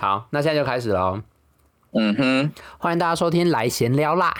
好，那現在就開始嘍。嗯哼，歡迎大家收聽來閒聊啦。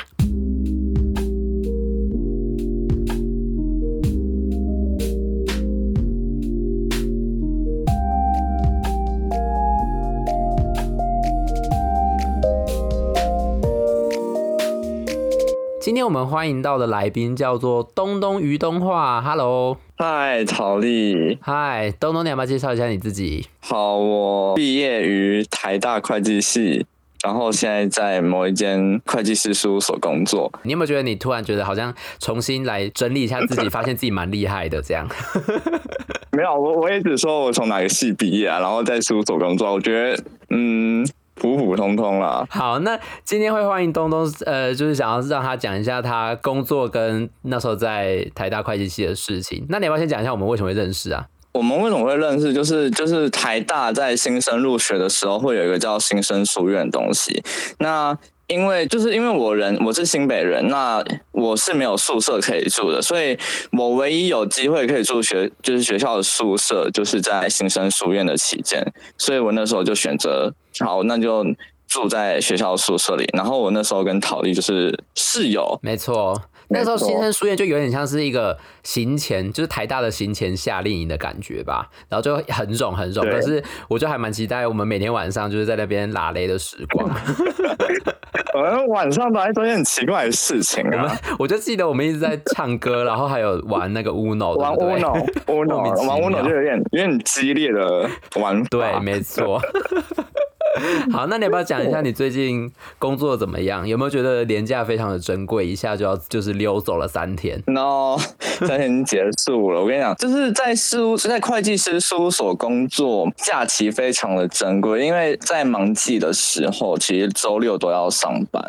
今天我們歡迎到的來賓叫做東東於東話 Hello 嗨，Hello、Hi, 草莉嗨，Hi, 東東，你要不要介紹一下你自己？好，我畢業於台大會計系，然後現在在某一間會計師事務所工作。你有沒有覺得你突然覺得好像重新來整理一下自己， 發現自己蠻厲害的這樣？ 沒有，我我也只說我從哪個系畢業啊，然後在事務所工作。我覺得嗯，普普通通啦。好，那今天會歡迎東東，呃，就是想要讓他講一下他工作跟那時候在台大會計系的事情。那你要不要先講一下我們為什麼會認識啊？我們為什麼會認識？就是就是台大在新生入學的時候會有一個叫新生書院的東西。那因為就是因為我人，我是新北人，那我是沒有宿舍可以住的，所以我唯一有機會可以住學就是學校的宿舍，就是在新生書院的期間。所以我那時候就選擇好，那就住在學校宿舍裡。然後我那時候跟陶麗就是室友，沒錯。那時候新生書院就有點像是一個行前，就是台大的行前夏令營的感覺吧，然後就很腫很腫，可對是我就還蠻期待我們每天晚上就是在那邊拉雷的時光。 我們晚上都會做些很奇怪的事情、啊我們，我就記得我們一直在唱歌，然後還有玩那個 Uno，玩 Uno，玩 Uno 就有點，有點激烈的玩。對，沒錯。 好，那你要不要講一下你最近工作怎麼樣？有沒有覺得年假非常的珍貴，一下就要就是溜走了三天？No，三天已經結束了。 我跟你講，就是在事務，在會計師事務所工作，假期非常的珍貴，因為在忙季的時候，其實周六都要上班。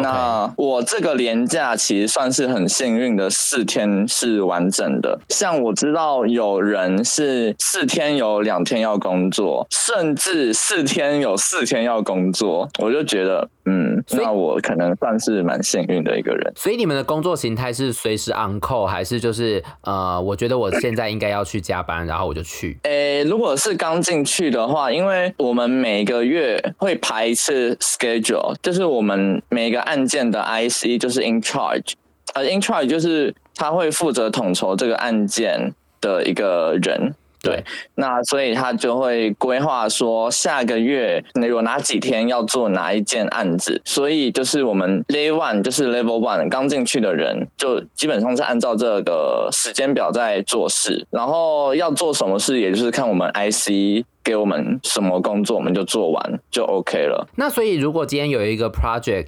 那我這個連假其實算是很幸運的，四天是完整的。像我知道有人是四天有兩天要工作，甚至四天有四天要工作，我就覺得嗯，所以 那我可能算是蠻幸運的一個人。所以你們的工作形態是隨時 on call 還是就是呃，我覺得我現在應該要去加班，然後我就去。誒，如果是剛進去的話，因為我們每個月會排一次 schedule，就是我們每個。案件的 IC 就是 in charge，呃，in charge 就是他會負責統籌這個案件的一個人。對，對，那所以他就會規劃說，下個月有哪幾天要做哪一件案子。所以就是我們 lay one，就是 level one 剛進去的人，就基本上是按照這個時間表在做事。然後要做什麼事，也就是看我們 IC 給我們什麼工作，我們就做完就 OK 了。那所以如果今天有一個 project。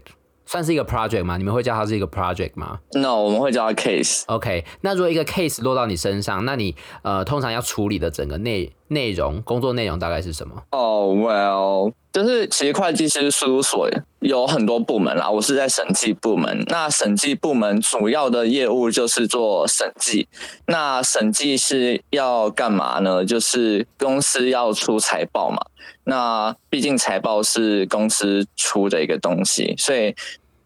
算是一個 project 嗎？你們會叫它是一個 project 嗎？No，我們會叫它 case。OK，那如果一個 case 落到你身上，那你呃，通常要處理的整個內內容、工作內容大概是什麼？哦，Well，就是其實會計師事務所有很多部門啦。我是在審計部門。那審計部門主要的業務就是做審計。那審計是要幹嘛呢？就是公司要出財報嘛。那畢竟財報是公司出的一個東西，所以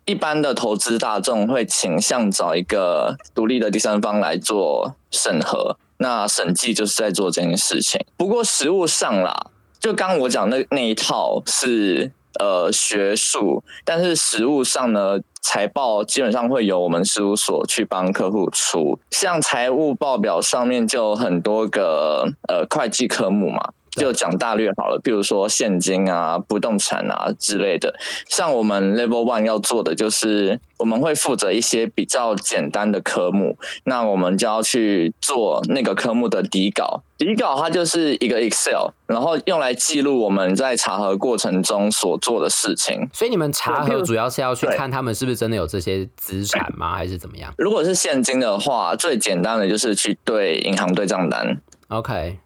一般的投資大眾會傾向找一個獨立的第三方來做審核，那審計就是在做這件事情。不過實務上啦，就剛我講那那一套是呃學術，但是實務上呢，財報基本上會由我們事務所去幫客戶出，像財務報表上面就很多個呃會計科目嘛。就講大略好了，比如說現金啊、不動產啊之類的。像我們 Level One 要做的就是，我們會負責一些比較簡單的科目，那我們就要去做那個科目的底稿。底稿它就是一個 Excel，然後用來記錄我們在查核過程中所做的事情。所以你們查核主要是要去看他們是不是真的有這些資產嗎？對還是怎麼樣？如果是現金的話，最簡單的就是去對銀行對賬單。OK。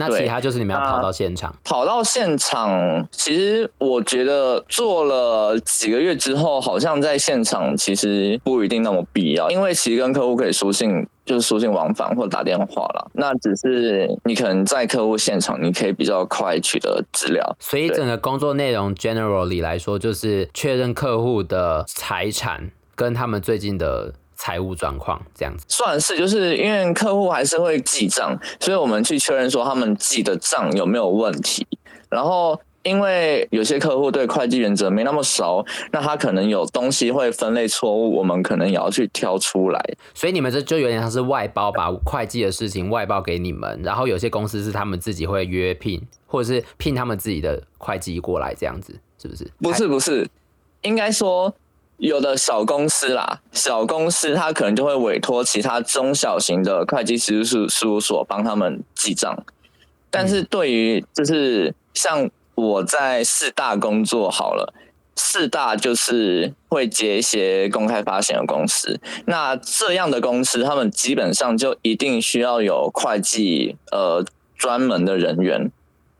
那其他就是你們要跑到現場、啊，跑到現場。其實我覺得做了幾個月之後，好像在現場其實不一定那麼必要，因為其實跟客戶可以書信，就是書信往返或者打電話了。那只是你可能在客戶現場，你可以比較快取得資料。所以整個工作內容對，generally 來說，就是確認客戶的財產跟他們最近的。財務狀況這樣子算是，就是因為客戶還是會記賬，所以我們去確認說他們記的賬有沒有問題。然後，因為有些客戶對會計原則沒那麼熟，那他可能有東西會分類錯誤，我們可能也要去挑出來。所以你們這就有點像是外包，把會計的事情外包給你們。然後有些公司是他們自己會約聘，或者是聘他們自己的會計過來這樣子，是不是？不是不是，還應該說。有的小公司啦，小公司他可能就會委託其他中小型的會計師事事務所幫他們記賬但是對於就是像我在四大工作好了，四大就是會接一些公開發行的公司，那這樣的公司他們基本上就一定需要有會計，呃，專門的人員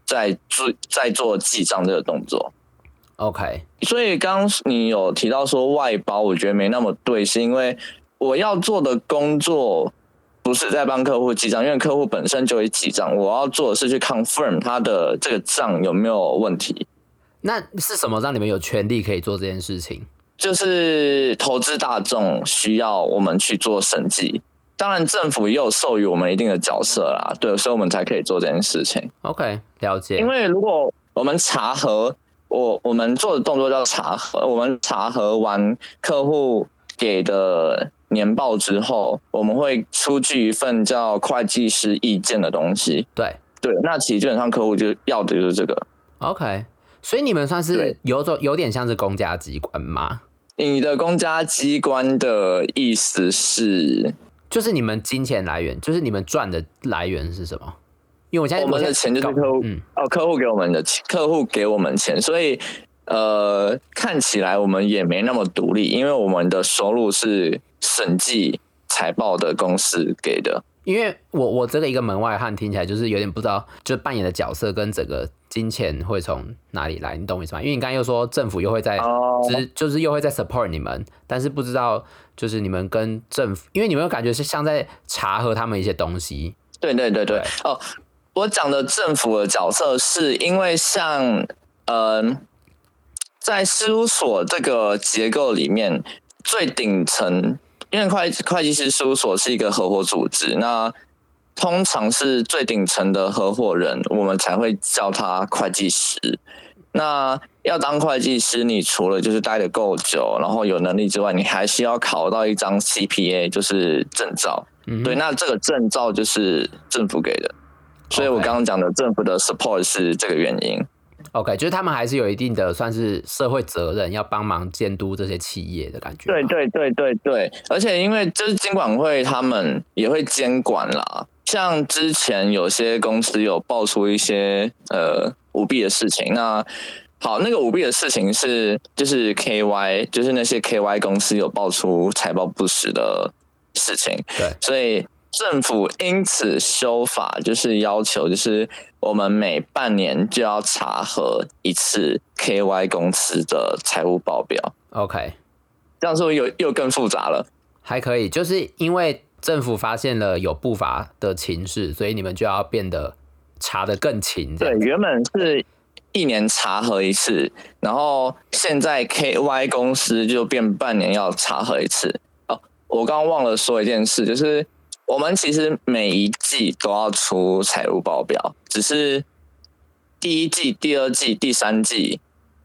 在做、在做記賬這個動作。OK，所以剛你有提到說外包，我覺得沒那麼對，是因為我要做的工作不是在幫客戶記賬，因為客戶本身就會記賬，我要做的是去 confirm 他的這個賬有沒有問題。那是什麼讓你們有權利可以做這件事情？就是投資大眾需要我們去做審計，當然政府也有授予我們一定的角色啦，對，所以我們才可以做這件事情。OK，了解。因為如果我們查核。我我們做的動作叫查核，我們查核完客戶給的年報之後，我們會出具一份叫會計師意見的東西。對對，那其實基本上客戶就要的就是這個。OK，所以你們算是有種對有點像是公家機關嗎？你的公家機關的意思是，就是你們金錢來源，就是你們賺的來源是什麼？因為我，現在我們的錢就是客戶哦，嗯、客戶給我們的錢，客戶給我們錢，所以呃，看起來我們也沒那麼獨立，因為我們的收入是審計財報的公司給的。因為我我這個一個門外漢聽起來就是有點不知道，就扮演的角色跟整個金錢會從哪裡來，你懂我意思嗎？因為你剛剛又說政府又會在支、uh 就是，就是又會在 support 你們，但是不知道就是你們跟政府，因為你們又感覺是像在查核他們一些東西。對對對對哦。對 oh，我講的政府的角色，是因為像，嗯，呃，在事務所這個結構裡面，最頂層，因為會會計師事務所是一個合夥組織，那通常是最頂層的合夥人，我們才會叫他會計師。那要當會計師，你除了就是待得夠久，然後有能力之外，你還需要考到一張 CPA，就是證照。嗯嗯，對，那這個證照就是政府給的。所以，我剛剛講的政府的 support Okay. 是這個原因。OK，就是他們還是有一定的算是社會責任，要幫忙監督這些企業的感覺。對對對對對，而且因為就是監管會他們也會監管啦，像之前有些公司有爆出一些呃舞弊的事情。那好，那個舞弊的事情是就是 KY，就是那些 KY 公司有爆出財報不實的事情。對，所以。政府因此修法，就是要求，就是我們每半年就要查核一次 KY 公司的財務報表。OK，這樣是不是又又更複雜了？還可以，就是因為政府發現了有不法的情勢，所以你們就要變得查得更勤。對，原本是一年查核一次，然後現在 KY 公司就變半年要查核一次。哦，我剛剛忘了說一件事，就是。我們其實每一季都要出財務報表，只是第一季、第二季、第三季，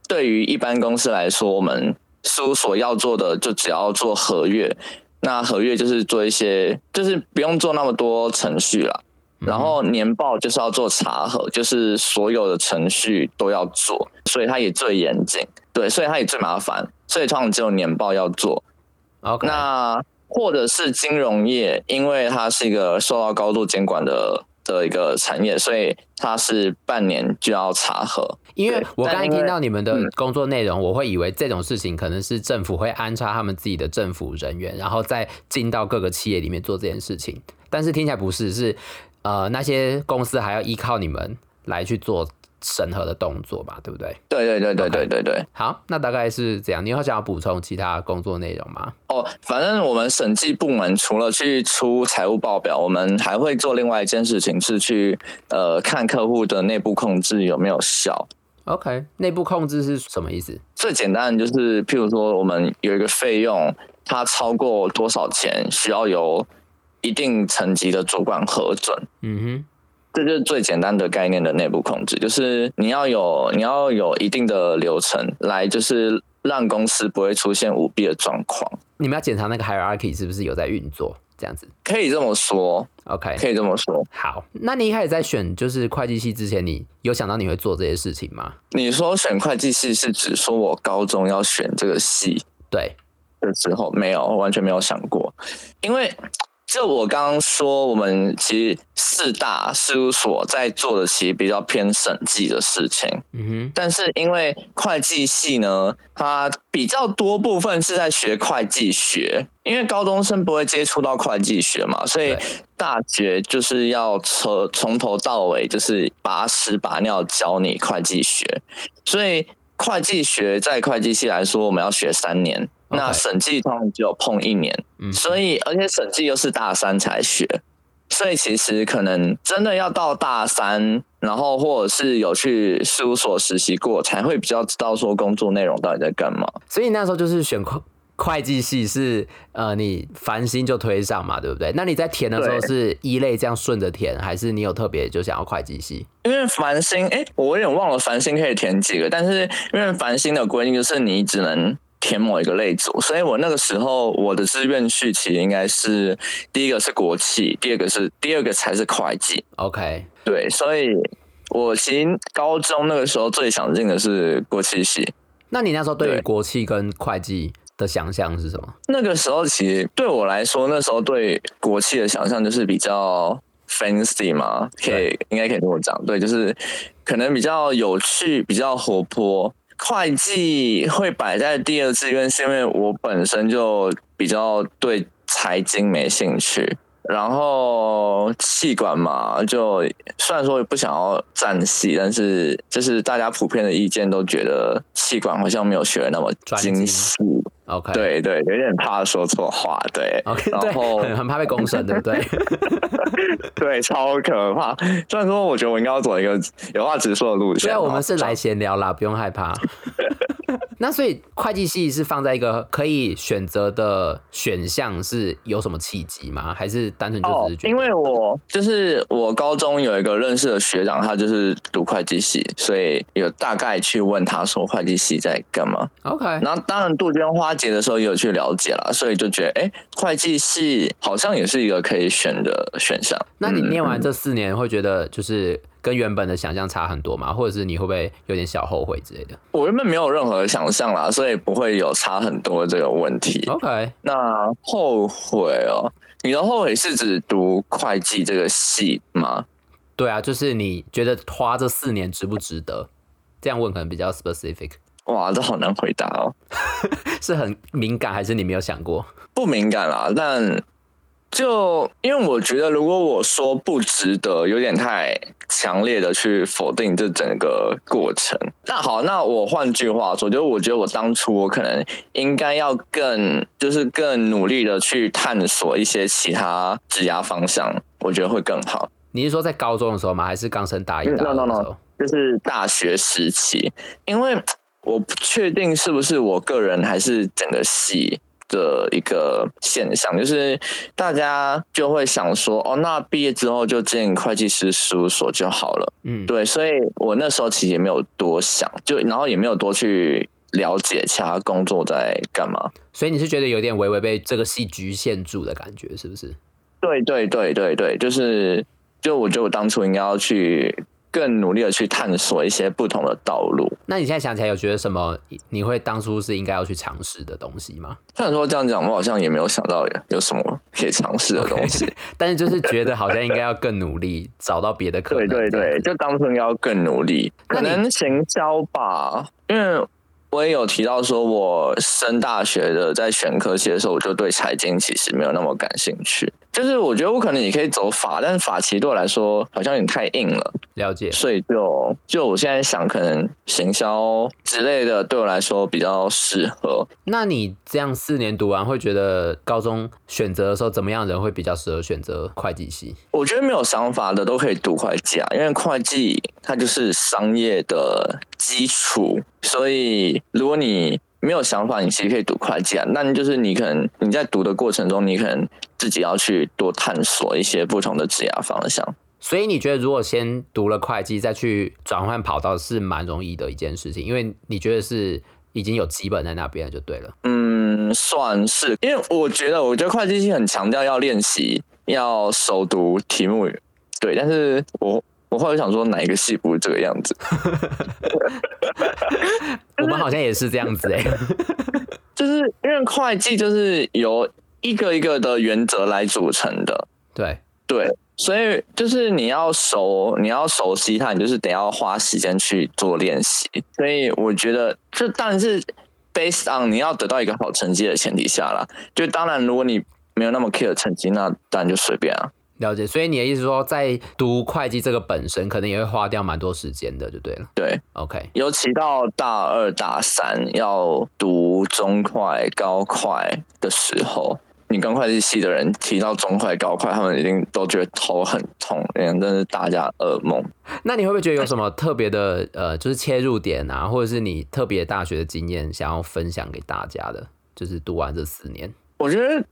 對於一般公司來說，我們事務所要做的就只要做核閱。那核閱就是做一些，就是不用做那麼多程序了。然後年報就是要做查核，就是所有的程序都要做，所以它也最嚴謹，對，所以它也最麻煩，所以通常只有年報要做。OK，那或者是金融業，因為它是一個受到高度監管的的一個產業，所以它是半年就要查核。因為我剛剛聽到你們的工作內容，嗯、我會以為這種事情可能是政府會安插他們自己的政府人員，然後再進到各個企業裡面做這件事情。但是聽起來不是，是呃那些公司還要依靠你們來去做。審核的動作吧，對不對？對對對對，Okay. 對對對對。好，那大概是這樣。你好像要補充其他工作內容嗎？哦，反正我們審計部門除了去出財務報表，我們還會做另外一件事情，是去呃看客戶的內部控制有沒有效。OK，內部控制是什麼意思？最簡單就是，譬如說，我們有一個費用，它超過多少錢，需要由一定層級的主管核准。嗯哼。這就是最簡單的概念的內部控制，就是你要有你要有一定的流程來，就是讓公司不會出現舞弊的狀況。你們要檢查那個 hierarchy 是不是有在運作，這樣子可以這麼說。OK，可以這麼說。好，那你一開始在選就是會計系之前，你有想到你會做這些事情嗎？你說選會計系是指說我高中要選這個系，對，的時候沒有，完全沒有想過，因為。就我剛剛說，我們其實四大事務所在做的其實比較偏審計的事情。嗯哼。但是因為會計系呢，它比較多部分是在學會計學，因為高中生不會接觸到會計學嘛，所以大學就是要從從頭到尾就是把屎把尿教你會計學。所以會計學在會計系來說，我們要學三年。那審計通常只有碰一年，嗯，所以而且審計又是大三才學，所以其實可能真的要到大三，然後或者是有去事務所實習過，才會比較知道說工作內容到底在幹嘛。所以那時候就是選會會計系是呃，你繁星就推上嘛，對不對？那你在填的時候是一類這樣順着填，還是你有特別就想要會計系？因為繁星哎、欸，我有點忘了繁星可以填幾個，但是因為繁星的規定就是你只能。填某一個類組，所以我那個時候我的志願序其實應該是第一個是國企，第二個是第二個才是會計。OK，對，所以我其實高中那個時候最想進的是國企系。那你那時候對於國企跟會計的想象是什麼？那個時候其實對我來說，那時候對國企的想象就是比較 fancy 嘛，可以對應該可以跟我講，對，就是可能比較有趣，比較活潑。會計會擺在第二志願，是因為我本身就比較對財經沒興趣。然後，企管嘛，就雖然說不想要轉系，但是就是大家普遍的意見都覺得企管好像沒有學得那麼精細。OK，對對，有點怕說錯話，對。OK，然後，對，很怕被公審，對不 對？ 對，超可怕。雖然說，我覺得我應該要走一個有話直說的路線。所以對後我們是來閒聊啦，樣不用害怕。 那所以會計系是放在一個可以選擇的選項，是有什麼契機嗎？還是單純就只是、哦、因為我就是我高中有一個認識的學長，他就是讀會計系，所以有大概去問他說會計系在幹嘛。OK，那當然杜鵑花節的時候也有去了解啦，所以就覺得哎，會計系好像也是一個可以選的選項。那你念完這四年會覺得就是？跟原本的想象差很多嘛，或者是你會不會有點小後悔之類的？我原本沒有任何想象啦，所以不會有差很多這個問題。OK，那後悔哦，你的後悔是指讀會計這個系嗎？對啊，就是你覺得花這四年值不值得？這樣問可能比較 specific。哇，這好難回答哦， 是很敏感還是你沒有想過？不敏感啦，但。就因為我覺得，如果我說不值得，有點太強烈的去否定這整個過程。那好，那我換句話說，就我覺得我當初我可能應該要更就是更努力的去探索一些其他職涯方向，我覺得會更好。你是說在高中的時候嗎？還是剛升大一大的時候？no no no，就是大學時期，因為我不確定是不是我個人還是整個系。的一個現象，就是大家就會想說，哦，那畢業之後就進會計師事務所就好了，嗯，對，所以我那時候其實也沒有多想，就然後也沒有多去了解其他工作在幹嘛，所以你是覺得有點微微被這個系局限住的感覺，是不是？對對對對對，就是，就我覺得我當初應該要去。更努力的去探索一些不同的道路。那你現在想起來有覺得什麼？你會當初是應該要去嘗試的東西嗎？雖然說這樣講，我好像也沒有想到有什麼可以嘗試的東西。Okay, 但是就是覺得好像應該要更努力， 找到別的可能。對對對，就當初應該要更努力，你可能行銷吧，因為。我也有提到說，我升大學的在選科系的時候，我就對財經其實沒有那麼感興趣。就是我覺得我可能也可以走法，但是法其實對我來說好像有點太硬了。了解。所以就就我現在想，可能行銷之類的對我來說比較適合。那你這樣四年讀完，會覺得高中選擇的時候怎麼樣的人會比較適合選擇會計系？我覺得沒有想法的都可以讀會計啊，因為會計它就是商業的基礎，所以如果你沒有想法，你其實可以讀會計啊。那你就是你可能你在讀的過程中，你可能自己要去多探索一些不同的職業方向。所以你覺得，如果先讀了會計，再去轉換跑道，是蠻容易的一件事情，因為你覺得是已經有基本在那邊就對了。嗯，算是，因為我覺得，我覺得會計系很強調要練習，要熟讀題目，對。但是我我後來想說，哪一個系不是這個樣子？ 我們好像也是這樣子哎、欸， 就是因為會計就是由一個一個的原則來組成的，對對。對所以就是你要熟，你要熟悉它，你就是得要花時間去做練習。所以我覺得，就但是，based on 你要得到一個好成績的前提下啦，就當然，如果你沒有那麼 care 的成績，那當然就隨便啊。了解。所以你的意思說，在讀會計這個本身，可能也會花掉蠻多時間的，就對了。對。OK，尤其到大二、大三要讀中會、高會的時候。你跟會計系的人提到中會高會，他們已經都覺得頭很痛，人家真的是大家噩夢。那你會不會覺得有什麼特別的唉呃，就是切入點啊，或者是你特別大學的經驗想要分享給大家的？就是讀完這四年，我覺得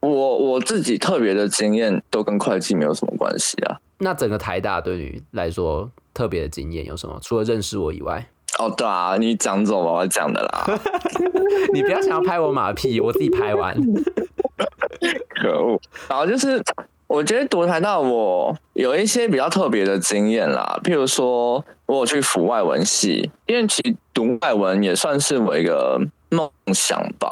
我我自己特別的經驗都跟會計沒有什麼關係啊。那整個台大對你來說特別的經驗有什麼？除了認識我以外，哦對啊，你講這種話我講的啦？ 你不要想要拍我馬屁，我自己拍完。 可惡！然後就是，我覺得讀台大我有一些比較特別的經驗啦，譬如說，我有去輔外文系，因為其實讀外文也算是我一個夢想吧。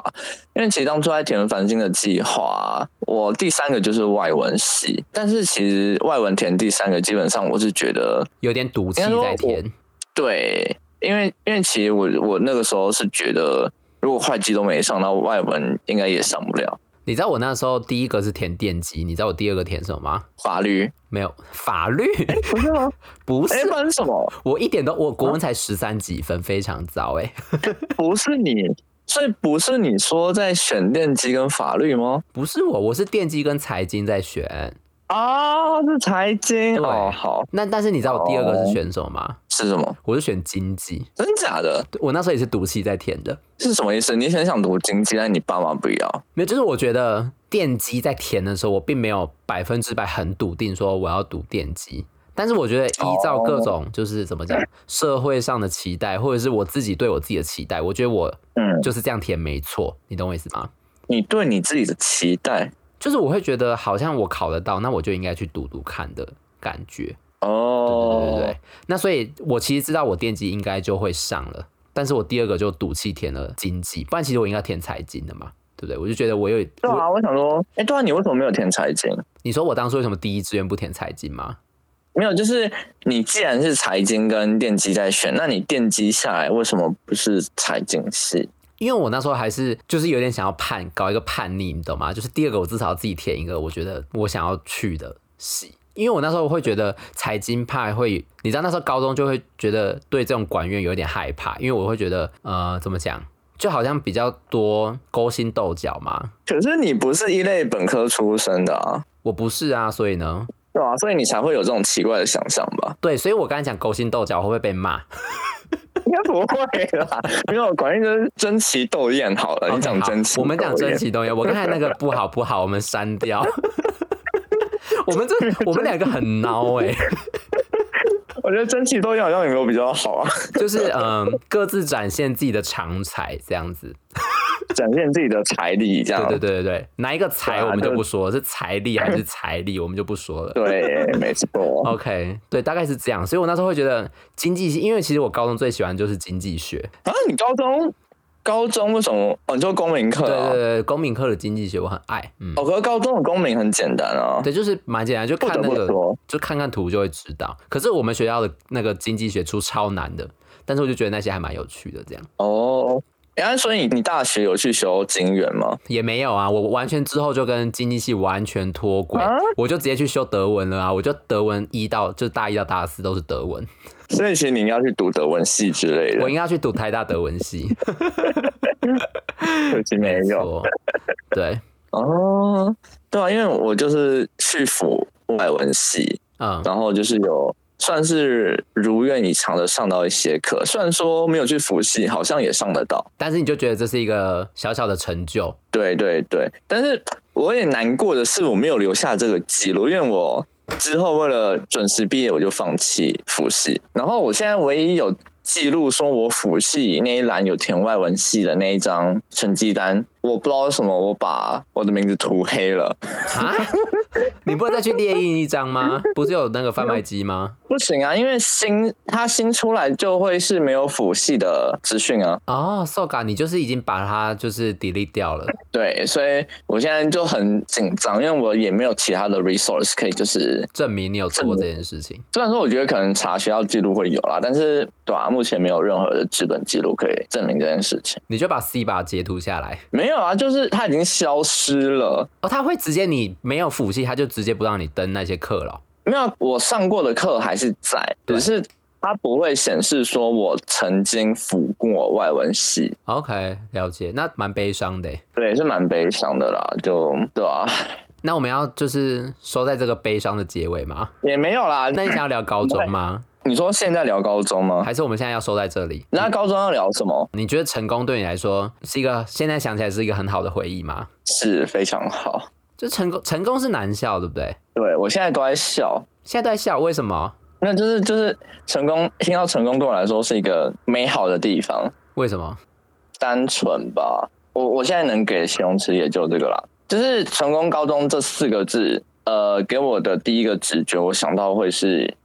因為其實當初在填繁星的計劃，我第三個就是外文系，但是其實外文填第三個，基本上我是覺得有點賭氣在填。對，因為因為其實我我那個時候是覺得，如果會計都沒上，那外文應該也上不了。你知道我那時候第一個是填電機，你知道我第二個填什麼嗎？法律？沒有法律？哎、欸，不是嗎？不是、欸、是什麼？我一點都，我國文才十三級分，蛤非常糟、欸。哎，不是你，所以不是你說在選電機跟法律嗎？不是我，我是電機跟財經在選啊，是財經。對，好。好，那但是你知道我第二個是選什麼嗎？是什麼？我是選經濟。真的假的？我那時候也是賭氣在填的。是什麼意思？你很想讀經濟，但你爸媽不要？沒有，就是我覺得電機在填的時候，我並沒有百分之百很篤定說我要讀電機。但是我覺得依照各種就是、oh. 怎麼講，社會上的期待，或者是我自己對我自己的期待，我覺得我嗯就是這樣填沒錯。你懂我意思嗎？你對你自己的期待，就是我會覺得好像我考得到，那我就應該去讀讀看的感覺。哦，oh. 對對對，對那所以我其實知道我電機應該就會上了，但是我第二個就賭氣填了經濟，不然其實我應該填財經的嘛，對不對？我就覺得我有，對啊，我想說，哎、欸，對啊，你為什麼沒有填財經？你說我當初為什麼第一志願不填財經嗎？沒有，就是你既然是財經跟電機在選，那你電機下來為什麼不是財經系？因為我那時候還是就是有點想要叛，搞一個叛逆，你懂嗎？就是第二個我至少要自己填一個，我覺得我想要去的系。因為我那時候會覺得財經派會，你知道那時候高中就會覺得對這種管院有點害怕，因為我會覺得呃，怎麼講，就好像比較多勾心鬥角嘛。可是你不是一類本科出身的，啊，我不是啊，所以呢，對啊，所以你才會有這種奇怪的想象吧？對，所以我剛才講勾心鬥角會不會被罵？ 應該不會啦，沒有管院就是爭奇鬥艷好了。 你講爭奇鬥 okay,，我們講爭奇鬥豔。 我剛才那個不好不好，我們刪掉。 我們這我們兩個很孬哎，欸， 我覺得爭奇鬥艷，好像有沒有比較好啊？就是嗯、 呃，各自展現自己的長才這樣子，展現自己的財力這樣。對對對對對，哪一個財我們就不說、啊、就是財力還是財力我們就不說了。對， 沒錯。OK，對，大概是這樣。所以我那時候會覺得經濟，因為其實我高中最喜歡的就是經濟學啊、嗯。你高中？高中為什麼？哦，就公民課、啊。對對對，公民課的經濟學我很愛。嗯、哦，可是高中的公民很簡單哦、啊、對，就是蠻簡單的，就看那個，不不就看看圖就會知道。可是我們學校的那個經濟學出超難的，但是我就覺得那些還蠻有趣的這樣。哦。哎、欸，所以你，你大學有去修經原嗎？也沒有啊，我完全之後就跟經濟系完全脫軌，啊、我就直接去修德文了啊，我就德文一到就大一到大四都是德文。所以其實你應該去讀德文系之類的，我應該去讀台大德文系。哈哈哈哈哈，其實沒有， 對，哦，uh, 對啊，因為我就是去輔外文系啊，嗯、然後就是有。算是如願以償的上到一些課，雖然說沒有去輔系，好像也上得到，但是你就覺得這是一個小小的成就。對對對，但是我也難過的是，我沒有留下這個記錄，因為我之後為了準時畢業，我就放棄輔系。然後我現在唯一有記錄說我輔系那一欄有填外文系的那一張成績單。我不知道為什麼我把我的名字塗黑了啊蛤？ 你不會再去列印一張嗎？不是有那個販賣機嗎？嗯，不行啊，因為新它新出來就會是沒有輔系的資訊啊。哦，Soka，你就是已經把它就是 delete 掉了。對，所以我現在就很緊張，因為我也沒有其他的 resource 可以就是證明，證明你有做過這件事情。雖然說我覺得可能查學校記錄會有啦，但是對啊，目前沒有任何的資本記錄可以證明這件事情。你就把 C 把它截圖下來，沒沒有啊，就是他已經消失了。哦、他會直接你沒有輔系，他就直接不讓你登那些課了。哦。沒有、啊，我上過的課還是在，對只是他不會顯示說我曾經輔過外文系。OK，了解，那蠻悲傷的。對，是蠻悲傷的啦，就對啊。那我們要就是說在這個悲傷的結尾嗎？也沒有啦，那你想要聊高中嗎？你說現在聊高中嗎？還是我們現在要收在這裡？那高中要聊什麼？你覺得成功對你來說是一個現在想起來是一個很好的回憶嗎？是非常好。就成功，成功是難笑，對不對？對，我現在都在笑，現在在笑，為什麼？那就是就是成功，聽到成功對我來說是一個美好的地方。為什麼？單純吧。我我現在能給形容詞也就這個啦。就是成功高中這四個字，呃，給我的第一個直覺，我想到會是。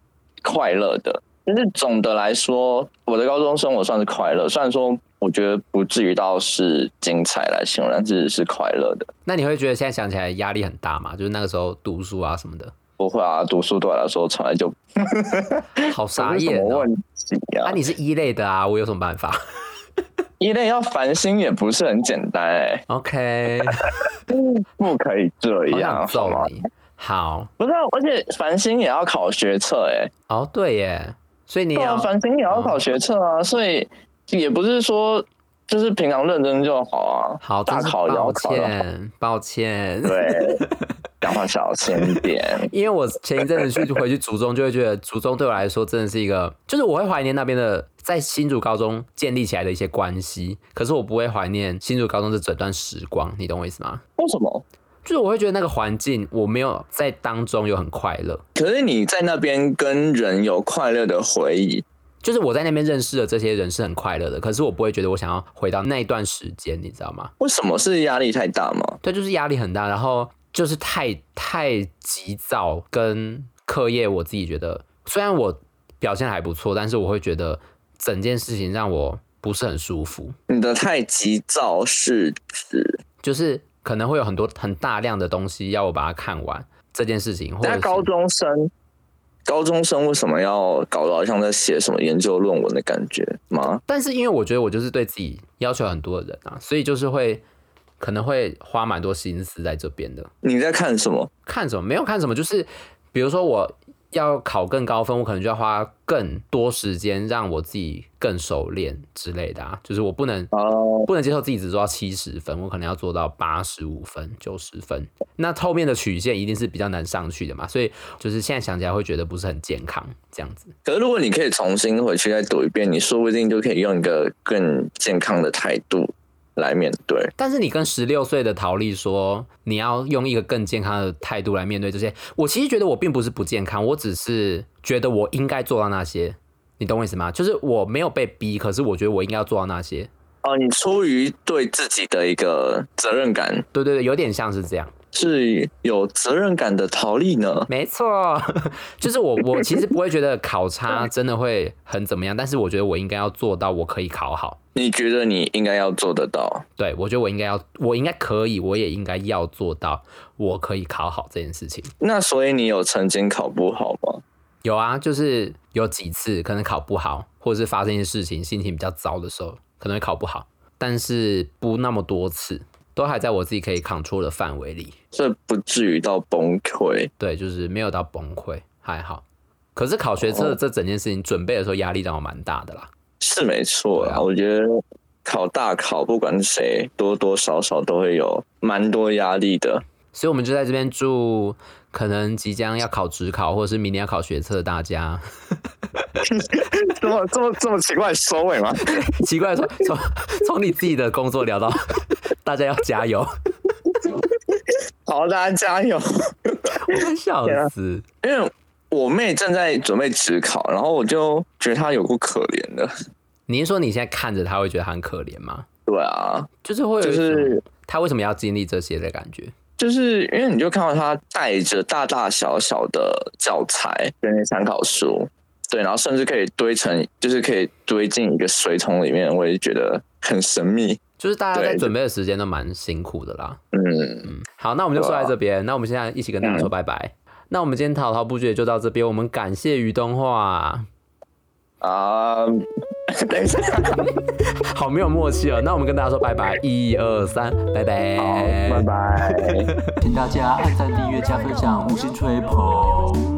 快樂的，但是總的來說，我的高中生活算是快樂。雖然說我覺得不至於到是精彩來形容，但是是快樂的。那你會覺得現在想起來壓力很大嗎？就是那個時候讀書啊什麼的。不會啊，讀書對我來說從來就， 好傻眼、喔。是什麼問題啊？那、啊、你是一、e、類的啊，我有什麼辦法？一、 e、類要繁星也不是很簡單哎、欸。OK， 不可以這樣你，啊好，不是、啊，而且繁星也要考學測哎、欸，哦對耶，所以你要繁星也要考學測啊，哦、所以也不是說就是平常認真就好啊，好大考了，抱歉抱歉，對，要小心一點。 因為我前一陣子去回去竹中，就會覺得 竹中對我來說真的是一個，就是我會懷念那邊的，在新竹高中建立起來的一些關係，可是我不會懷念新竹高中的整段時光，你懂我意思嗎？為什麼？就是我會覺得那個環境，我沒有在當中有很快樂。可是你在那邊跟人有快樂的回憶，就是我在那邊認識的這些人是很快樂的。可是我不會覺得我想要回到那一段時間，你知道嗎？為什麼？是壓力太大嗎？對，就是壓力很大，然後就是太太急躁，跟課業，我自己覺得雖然我表現還不錯，但是我會覺得整件事情讓我不是很舒服。你的太急躁是指就是，可能會有很多很大量的東西要我把它看完，這件事情。但高中生，高中生為什麼要搞到像在寫什麼研究論文的感覺嗎？但是因為我覺得我就是對自己要求很多的人啊，所以就是會可能會花蠻多心思在這邊的。你在看什麼？看什麼？沒有看什麼，就是比如說我。要考更高分，我可能就要花更多時間讓我自己更熟練之類的啊，就是我不能不能接受自己只做到七十分，我可能要做到八十五分、九十分。那後面的曲線一定是比較難上去的嘛，所以就是現在想起來會覺得不是很健康這樣子。可是如果你可以重新回去再讀一遍，你說不定就可以用一個更健康的態度來面對，但是你跟十六歲的陶麗說，你要用一個更健康的態度來面對這些。我其實覺得我並不是不健康，我只是覺得我應該做到那些。你懂我意思嗎？就是我沒有被逼，可是我覺得我應該要做到那些。哦、啊，你出於對自己的一個責任感，對對對，有點像是這樣。是有責任感的逃離呢？沒錯，就是我，我其實不會覺得考差真的會很怎麼樣， 但是我覺得我應該要做到，我可以考好。你覺得你應該要做得到？對，我覺得我應該要，我應該可以，我也應該要做到，我可以考好這件事情。那所以你有曾經考不好嗎？有啊，就是有幾次可能考不好，或者是發生一些事情，心情比較糟的時候，可能會考不好，但是不那麼多次。都還在我自己可以 control 的範圍裡，這不至於到崩潰。對，就是沒有到崩潰，還好。可是考學測這整件事情，哦、準備的時候，壓力讓我蠻大的啦。是沒錯呀，啊、我覺得考大考不管是誰，多多少少都會有蠻多壓力的。所以我們就在這邊住。可能即將要考指考，或者是明年要考學測，大家 怎麼這麼這麼這麼奇怪的收尾嗎？ 奇怪，從從從你自己的工作聊到大家要加油， 好，大家加油！ 我笑死，因為我妹正在準備指考，然後我就覺得她有夠可憐的。你是說你現在看着她會覺得很可憐嗎？對啊，就是或者是就是她為什麼要經歷這些的感覺？就是因為你就看到他帶着大大小小的教材跟參考書，對，然後甚至可以堆成，就是可以堆進一個水桶裡面，我也覺得很神秘。就是大家在準備的時間都蠻辛苦的啦。嗯，嗯，好，那我們就說在這邊。啊，那我們現在一起跟大家說拜拜。嗯，那我們今天滔滔不絕就到這邊，我們感謝於東化啊。Uh 等一下，好沒有默契啊、喔。那我們跟大家說拜拜，一二三，拜拜，拜拜，請大家按讚、訂閱、加分享，五星吹捧。